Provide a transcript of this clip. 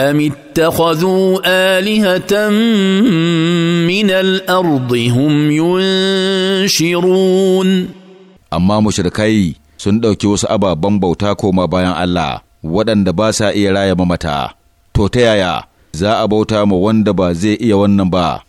أم اتخذوا آلهة من الأرض هم ينشرون Amma مشركي sun ɗauki wasu ababen bauta koma bayan Allah waɗanda ba sa iya raya mamata, to ta yaya za a bauta ma wanda ba zai iya wannan ba.